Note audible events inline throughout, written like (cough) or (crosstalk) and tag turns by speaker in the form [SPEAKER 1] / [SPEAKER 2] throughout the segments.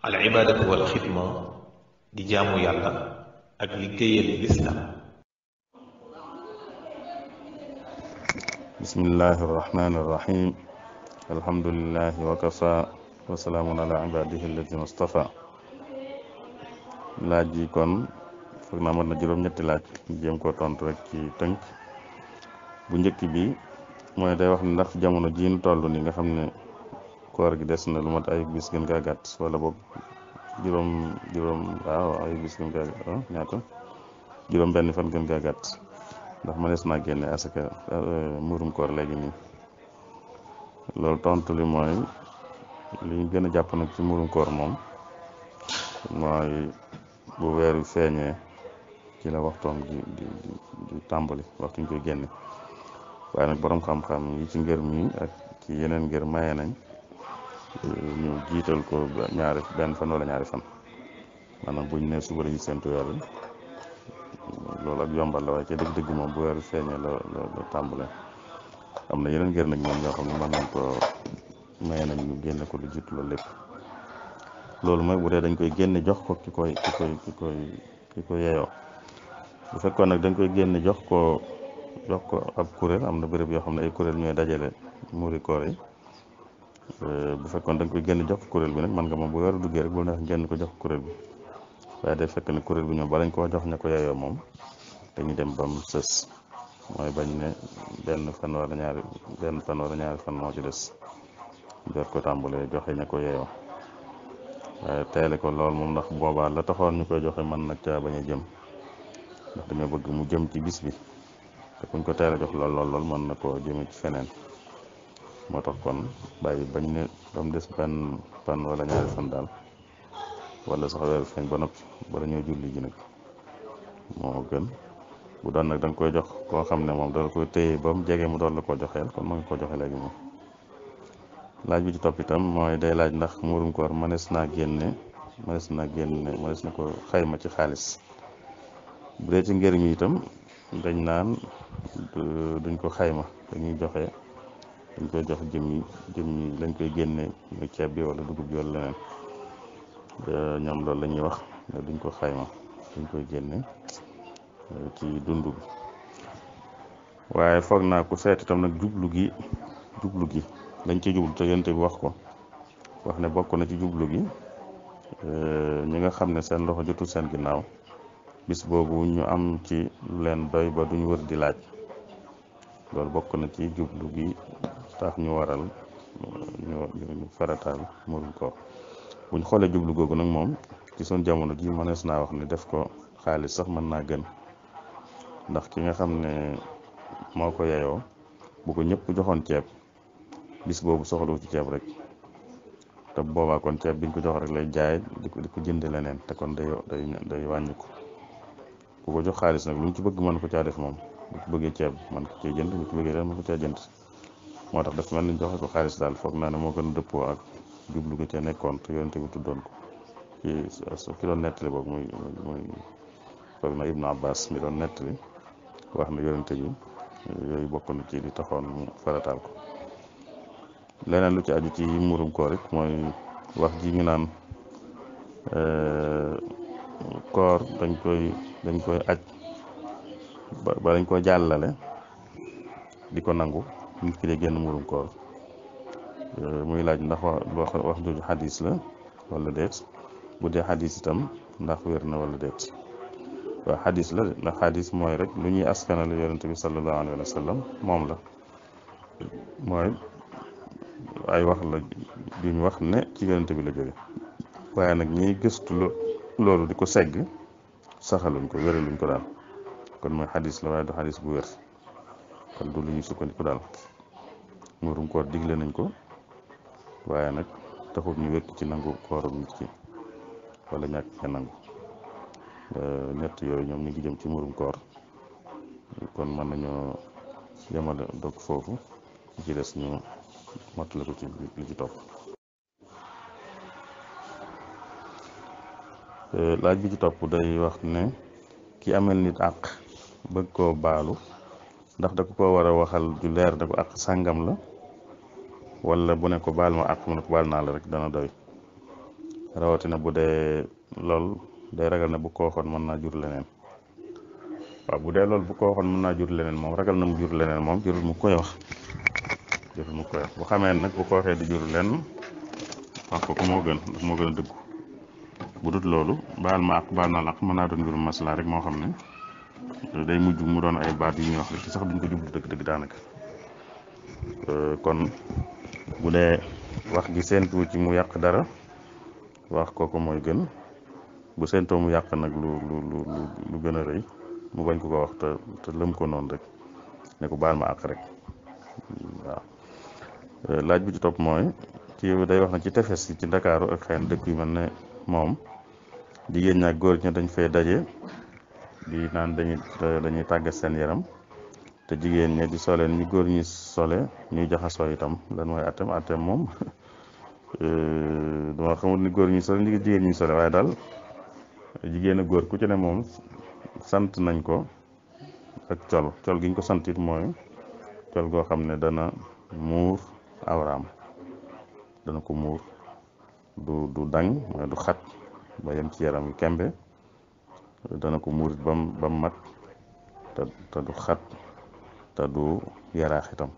[SPEAKER 1] العبادة والخدمة دي جامو يالا اك ليغيال الاسلام بسم الله الرحمن الرحيم الحمد لله وكفى وسلام على عباده الذين مصطفى لا جي كون فنا مانا جيروم نيت جيم كو تونت رك تنك بو بي موي داي واخ نخ جامونو جي نتولو نيغا koor gi dess na lu mat ay bis gën ga gatt wala bok jurom jurom waaw ay bis gën kaa oh, ñatu jurom benn fan gën ga gatt ndax dess na génne asaka eh, murum koor legi ni lol tontu li moy li ñu gën a jàpp ci murum koor mom moy bu wéru ci la waxtom di di di tambali waxtu ngi génne waye nak borom xam-xam yi ci ngeer mi ak ci yenen ngeer maye ñu jiital ko ñaari benn fan wala ñaari fan maanaam buñ ne suba lañu séntu weer wi loolu ak yombal la waaye ca dëgg-dëgg moom bu weer wi feeñee la la tàmbalee am na yeneen ngër nag moom ñoo xam ne mën nañ ko may nañ ñu génne ko lu jiitu loolu lépp loolu mooy bu dee dañ koy génne jox ko ki koy ki koy ki koy ki bu fekkoon nag dañ koy génne jox ko jox ko ab kuréel am na béréb yoo xam ne ay kuréel ñooy dajale muuri koor Euh, bu fekkoon da nga koy génn jox kuréel bi nag man moom bu weeru duggee rek bu neex génn ko jox kuréel bi waaye day fekk ne kuréel bi ñoom balañ koo jox ña ko yaayoo moom dañu dem ba sës mooy bañ ne benn fan wala benn fan wala fan moo ci des door ko tàmbalee joxe ña ko yaayoo waaye teele ko lool moom ndax boobaa la taxoon ñu koy joxe man nag caa bañ a jëm ndax dañoo bëgg mu jëm ci bis bi te kuñ ko teel jox lool lool lool mën na koo jëme ci feneen. moo tax kon bàyyi bañ ne ba mu des benn fan wala ñaari fan daal walla sax weer feeñ ba noppi bala ñoo julli ji nag moo gën bu doon nag da koy jox koo xam ne moom dala koy téye ba mu jege mu doon la ko joxeel kon ma ngi ko joxe léegi moom laaj bi di topp itam mooy day laaj ndax muurum koor mënees naa génne mënees naa génne mënees na ko xayma ci xaalis bu dee ci ngër mi itam dañ naan duñ ko xayma dañuy joxe dañ koy jox jëm yi jëm yi lañ koy génne muy ceeb bi wala dugub bi wala leneen ñoom loolu la ñuy wax ne duñ ko xayma duñ koy génne euh, ci dund bi waaye foog naa ku seet itam nag jublu gi jublu gi lañ ci jublu te yonent bi wax ko wax ne bokk na ci jublu gi euh, ñi nga xam ne seen loxo jotul seen ginnaaw bis boobu ñu am ci lu leen doy ba duñ wër di laaj loolu bokk na ci jublu gi tax ñu waral ñu ñu farataal murum koor buñ xoolee jublu googu nag moom ci soon jamono ji mënees naa wax ne def ko xaalis sax man naa gën ndax ki nga xam ne moo ko yeyoo bu ko ñëpp joxoon ceeb bis boobu soxlawu ci ceeb rek te boobaa kon ceeb biñ ko jox rek lay jaay di ko di ko leneen te kon day day day wàññi ko jox xaalis nag lu mu ci bëgg mën ko caa def moom bu bëggee ceeb man ko cee jënd bu ci bëggee dara man ko cee jënd moo tax def mel ni joxe ko xaalis daal foog naa ne moo gën a dëppoo ak jublu ga ca nekkoon te yonent bi tuddoon ko ci ki doon nettali boobu muy muy foog na Ibnu Abbas mi doon nettali wax na yonent bi yooyu bokk na ci li taxoon mu farataal ko leneen lu ci aju ci muurum koor it mooy wax ji ñu naan eh, koor dañ koy dañ koy aj ba lañ ko jàllale di ko nangu nit ki dee génn muurum koor euh, muy laaj ndax wax wax jooju xadis la wala déet bu dee xadis itam ndax wér na wala déet waaw xadis la ndax xadis mooy rek lu ñuy askanale yonente bi sallallahu alayhi wa sallam moom la mooy ay wax wax ne ci yonente bi la waaye nag ñiy gëstu loolu di ko segg saxaluñ ko wéraluñ ko daan kon mooy xadis la waaye du xadis bu wér kon du lu ñu sukkandiku daal muurum koor digle nañ ko waaye nag taxul ñu wékk ci nangu kooru nit ki wala ñàkk ca nangu ñett yooyu ñoom ñu ngi jëm ci muurum koor kon mën nañoo yemale dog foofu ci des ñu mottale ko ci li ci topp laaj bi ci topp day wax ne ki amel nit àq bëgg koo baalu ndax da ko ko war a waxal ju leer da ko sàngam la wala bu ne ko baal ma ak mu ne ko baal naa la rek dana doy rawatina bu dee lool day ragal ne bu ko waxoon mën naa jur leneen waaw bu bu ko waxoon mën naa jur leneen moom ragal na mu jur leneen moom jurul mu koy wax jurul mu koy bu xamee nag bu ko waxee di jur lenn moo gën ndax gën a dëggu bu loolu baal ma àq baal naa la àq mën naa doon jur maslaa rek moo xam ne day mujj mu doon ay baat yu ñuy wax rek sax duñ ko jublu dëgg-dëgg daanaka euh, kon bu dee wax gi séentu ci mu yàq dara wax kooko mooy gën bu too mu yàq nag lu lu lu lu gën a rëy mu bañ ko ko wax te lëm ko noonu rek ne ko baal ma àq rek waaw euh, laaj bi ci topp mooy ci day wax na ci tefes yi ci ndakaaru ak xëy na dëkk yu mel ne moom jigéen ñaak góor ña dañ fay daje. di naan dañuy dañuy tàggat seen yaram te jigéen ñi di soleen ñu góor ñi sole ñuy jaxasoo itam lan mooy atem atem moom (laughs) euh, dama xamul ni góor ñi sole ni jigéen ñi sole waaye dal jigéen a góor ku ci ne moom sant nañ ko ak col col giñ ko santit it mooy col goo xam ne dana muur awraam dana ko muur du du dañ mooy du xat ba yem ci yaram kembe dana ko muurit bam bam mat te te du xat te du yaraax itam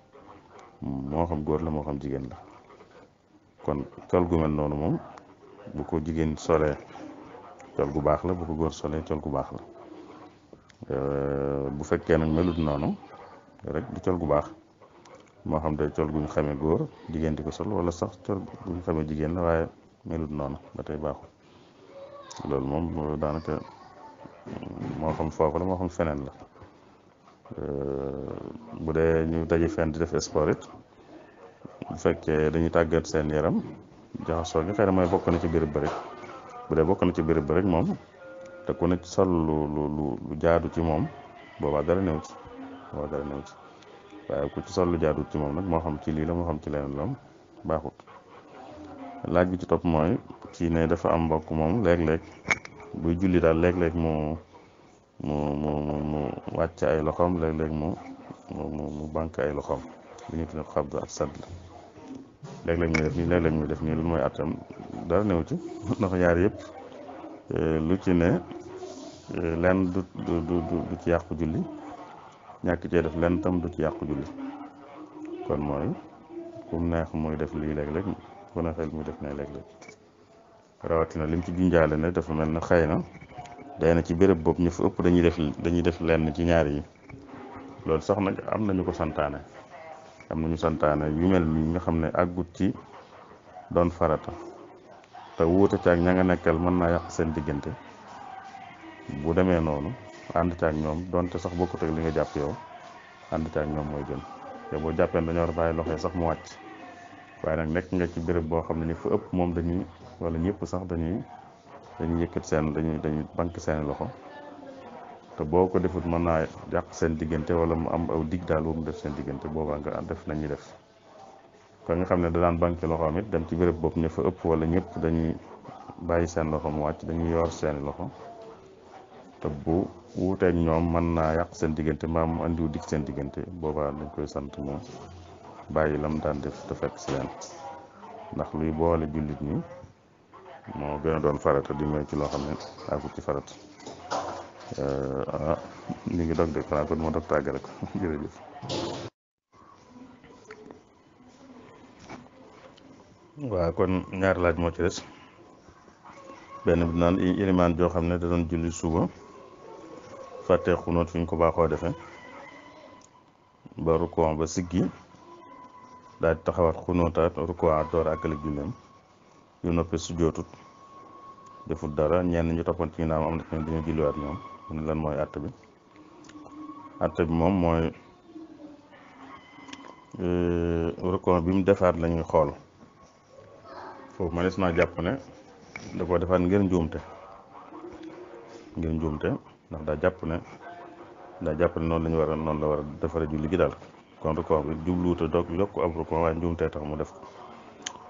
[SPEAKER 1] moo xam góor la moo xam jigéen la kon col gu mel noonu moom bu ko jigéen solee col gu baax la bu ko góor solee col gu baax la bu fekkee nag melut noonu rek du col gu baax moo xam day col guñ xamee góor jigéen di ko sol wala sax col guñ xamee jigéen la waaye melut noonu ba tey baaxul loolu moom daanaka moo xam foofu la moo xam feneen la euh, bu dee ñu daje fen di def sport it bu fekkee dañuy tàggat seen yaram jaxasoo gi xëy na mooy bokk na ci béréb ba rek bu dee na ci béréb ba rek moom te ku ne sol lu lu lu jaadu ci moom boobaa dara néew ci boobaa dara néew waaye ku ci sol lu jaadut ci moom nag moo xam ci lii la moo xam ci leneen la baaxut laaj bi ci topp mooy kii ne dafa am mbokk moom léeg-léeg. buy julli daal léeg-léeg mu mu mu mu mu wàcc ay loxoom léeg-léeg mu mu mu banque ay loxoom li ñu tuddee xabdu ak sadd la léeg-léeg muy def nii léeg muy def nii lu mooy atam dara new ci (laughs) ndax yaar yëpp e, lu ci ne e, lenn du du du ci yàqu julli ñàkk cee def lenn tam du ci yàqu julli kon mooy ku neex muy def lii léeg-léeg ku neexee muy def ne léeg-léeg rawatina lim ci junjaale ne dafa mel na xëy na day na ci béréb boobu ñu fu ëpp dañuy def dañuy def lenn ci ñaar yi loolu sax nag am nañu ko santaane am nañu santaane yu mel ni nga xam ne àggut ci doon farata te wuute caag ña nga nekkal mën naa yàq seen diggante bu demee noonu ànd caag ñoom donte sax bokkut ak li nga jàpp yow ànd caag ñoom mooy gën te boo jàppee dañu war a bàyyi loxo sax mu wàcc waaye nag nekk nga ci béréb boo xam ne ni fa ëpp moom dañuy wala ñëpp sax dañuy dañuy yëkkat seen dañuy dañuy banque seeni loxo te boo ko defut mën naa yàq seen diggante wala mu am aw dig bu def seen diggante boobaa nga def nañuy def kon nga xam ne danaan banque loxoom it dem ci béréb boobu ña fa ëpp wala ñëpp dañuy bàyyi seen loxo mu wàcc dañuy yor seeni loxo te bu wuuteeg ñoom mën naa yàq seen diggante mbaa mu andiwu dig seen diggante boobaa dañ koy sant mu bàyyi lam daan def te fekk si leen ndax luy boole jullit ñi moo gën a doon farata di may ci loo xam ne aku ci farat eh, ah ñu ngi dog de xanaa kon ma (laughs) kon ñaari laaj moo ci des benn bi naan ilimaan joo xam ne da doon julli suba fàttee xunoot fi ñu ko baaxoo defee ba rukon ba siggi daal di taxawaat xunootaat rukon door àggale julleem yu noppi su jootut defut dara ñenn ñu toppoon ci ginnaaw am na tamit dañoo julliwaat ñoom mu mooy àtte bi moom mooy euh, recours bi mu defaat la ñuy xool foofu manees naa jàpp ne da ko defaat ngir njuumte ngir njuumte ndax daa jàpp ne daa jàpp ne noonu la ñu war a la war a defaree julli gi daal kon recours bi jubluwut a dog yokk ab recours waaye njuumtee tax mu def ko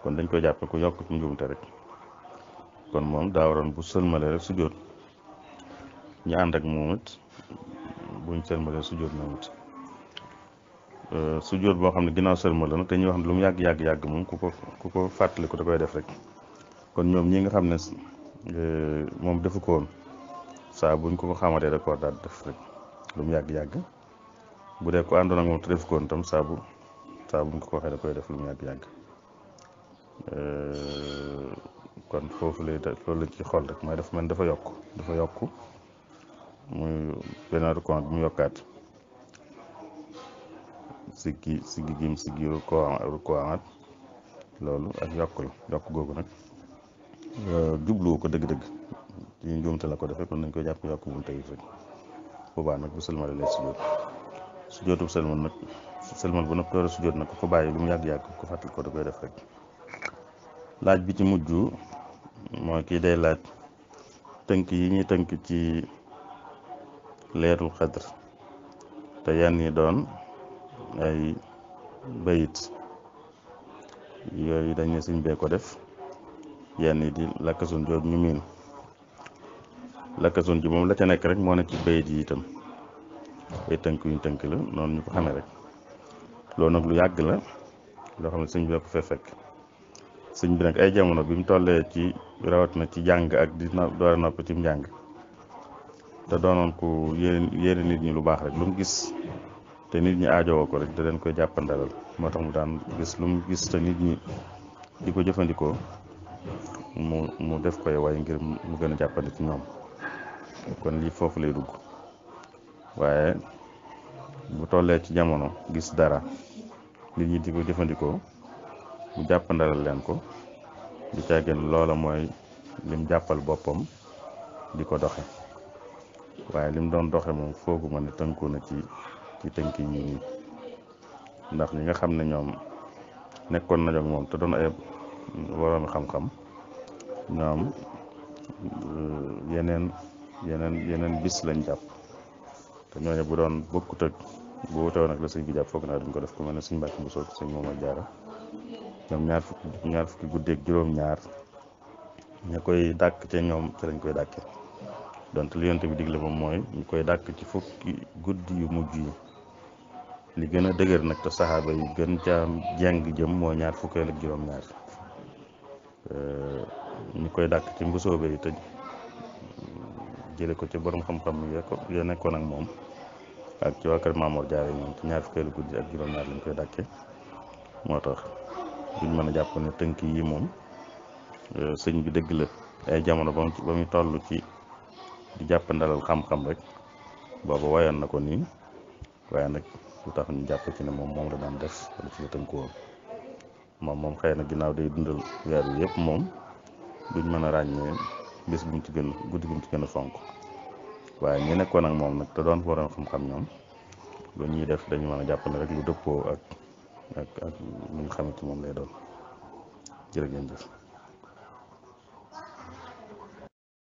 [SPEAKER 1] kon dañ koy jàppe ku yokk ci njuumte rek kon moom daa waroon bu sëlmale rek su jóot ñu ànd ak moom it buñ su jóot moom it boo xam ne ginnaaw sëlmal la nag te ñuy wax ne lu mu yàgg yàgg yàgg moom ku ko ku ko da koy def rek kon ñoom ñi nga xam ne euh, moom defu ko woon saa buñ ko ko xamatee da ko daal def rek lu mu yàgg yàgg bu dee ko àndoon ak moom te defu ko koy def lu mu yàgg yàgg. Euh, kon foofu lay loolu la ci xool rek mooy dafa mel dafa yokk dafa yokk muy beneen rukkoo bi mu yokkaat siggi siggi gim siggi rukkoo amaat loolu ak yokk la yokk googu nag euh, jubluwu ko dëgg-dëgg ci njuumte la ko defee kon nañ koy jàpp yokk bu mu tey rek boobaa nag bu sëlmale lay sujjóot sujjóotu sëlmal nag sëlmal bu nag toore sujjóot nag ko bàyyi lu mu yàgg-yàgg ko fàttali ko da koy def rek laaj bi ci mujj moo kii day laaj tënk yi ñu tënk ci leerul xadr te yenn yi doon ay bayit yooyu dañ ne suñ bee ko def yenn yi di lakkasun joob ñu miin lakkasun ji moom la ca nekk rek moo ne ci bayit yi itam ay tënk yuñ tënk la noonu ñu ko xamee rek loolu nag lu yàgg la loo xam ne bee ko fee fekk sëñ bi nag ay jamono bi mu tollee ci rawat na ci jàng ak di doora noppi ci njàng te doonoon ku yéen nit ñi lu baax rek lu mu gis te nit ñi aajowoo ko leen koy jàppandalal moo mu daan gis lu mu gis te nit ñi di ko jëfandikoo mu mu def koy way ngir mu gën a jàppandi ci ñoom kon lii foofu lay dugg waaye bu tollee ci jamono gis dara nit ñi di ko jëfandikoo mu jàppandalal leen ko du caagin loola mooy lim jàppal boppam di ko doxe waaye lim doon doxe moom fooguma ne tënku na ci ci tënk yi nii ndax ñi nga xam ne ñoom nekkoon na ak moom te doon ay waroomi xam-xam ñoom yeneen yeneen bis lañ jàpp te ñooñu bu doon bokkut ak bu wute woon ak la sëñ bi jàpp foog naa duñ ko def ku mel ne suñ mbàkk bu soog sëñ moom a jaara ñoom ñaar fukki ñaar fukki guddeeg juróom-ñaar ña koy dàkk ca ñoom ci lañ koy dàkke dont li yonte bi digle moom mooy ñu koy dàkk ci fukki guddi yu mujj yi li gën a dëgër nag te saxaaba yi gën ca jeng jëm moo ñaar fukkeel ak juróom-ñaar euh, ñu koy dàkk ci mbusoobe yi te jële ko ci borom xam-xam ya ko ya nekkoon ak moom ak ci waa kër Maamoor Jaara yi ci ñaar fukkeelu guddi ak juróom-ñaar lañ koy dàkke moo tax duñ mën a jàpp ne tënk yi moom euh, sëñ bi dëgg la ay jamono ba mu ba mu ci di jàpp xam-xam rek booba wayoon na ko nii waaye nag lu tax ñu jàpp ci ne moom moom la daan def wala ci moom moom xëy na ginnaaw day dundal weer bi moom duñ mën a ràññee bés bu ci gën guddi gum ci gën a fonk waaye ñi nekkoon ak moom nag te doon ko waroon xam-xam ñoom lu ñuy def dañu mën a jàpp ne rek lu dëppoo ak. ak ak li nga xamante moom lay doon jërë ngeen jëf